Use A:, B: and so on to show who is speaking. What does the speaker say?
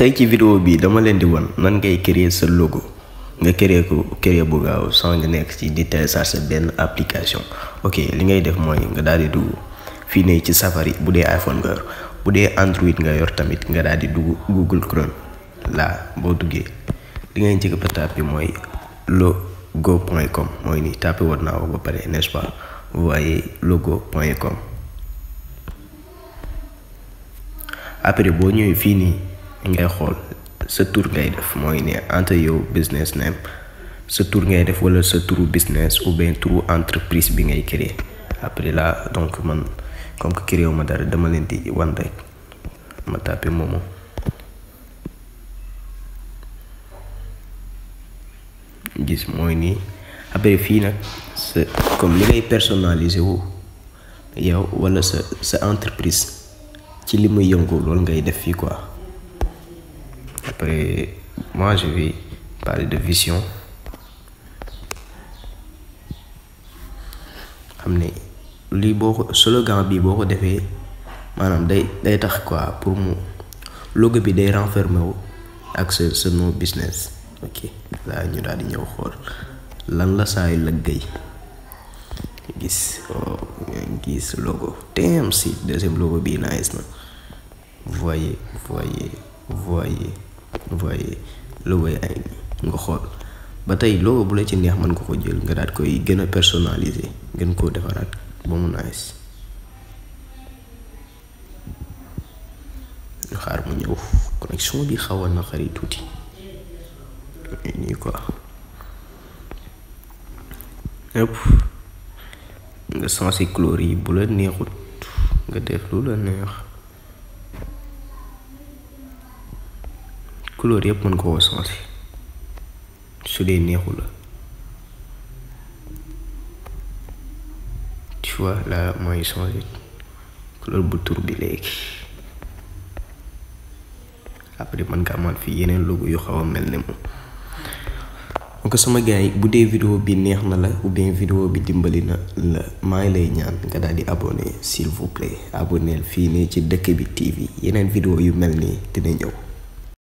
A: tey ci vidéo bi dama leen di wan nan ngay créer sa logo nga créer ko créer bu gaaw sans nekk ci di sa benn application ok li ngay def mooy nga daal di dugg fii nii ci Safari bu dee iPhone nga yor bu dee Android nga yor tamit nga daal di dugg Google Chrome laa boo duggee li ngay njëkk ba tàppi mooy logo point mooy nii tàppi war naa ko ba pare n'est-ce pas waaye logo point après boo ñëwee fii nii. ngay xool sa tour ngay def mooy ne entre yow business name sa tour ngay def wala sa business ou bien turu entreprise bi ngay créer après là donc man comme que créer ma dara dama leen di wan rek ma tapé momo gis mooy ni après fii nag sa comme li ngay personnaliser wu yow wala sa sa entreprise ci li muy yëngu ngay def fii quoi moi, je vais parler de vision. amener le slogan bi boko quoi pour Le logo bi day renfermer wu ak business ok là ñu daal di lan la oh, gis logo TMC deuxième logo bi nice voyez voyez voyez envoyé logo nga xool ba tey logo bu la ci neex mën nga ko jël nga daal koy gën a personnaliser gën koo defaraat ba mu nice ñu xaar mu ñëw connexion bi xaw a naqari tuuti nii quoi yëpp nga sensé couleur yi bu la neexut nga def lu la neex couleur yépp mën koo changer su dee neexu la tu vois là mooy changer couleur bu tur bi léegi après mën nga amal fi yeneen logo yu xaw a mel ne moom donc sama gars yi bu dee vidéo bi neex ya na la ou bien vidéo bi dimbali na la maa ngi lay ñaan nga daal di abonné s'il vous plaît abonneel fii nii ci dëkk bi TV yeneen vidéo yu mel nii dina ñëw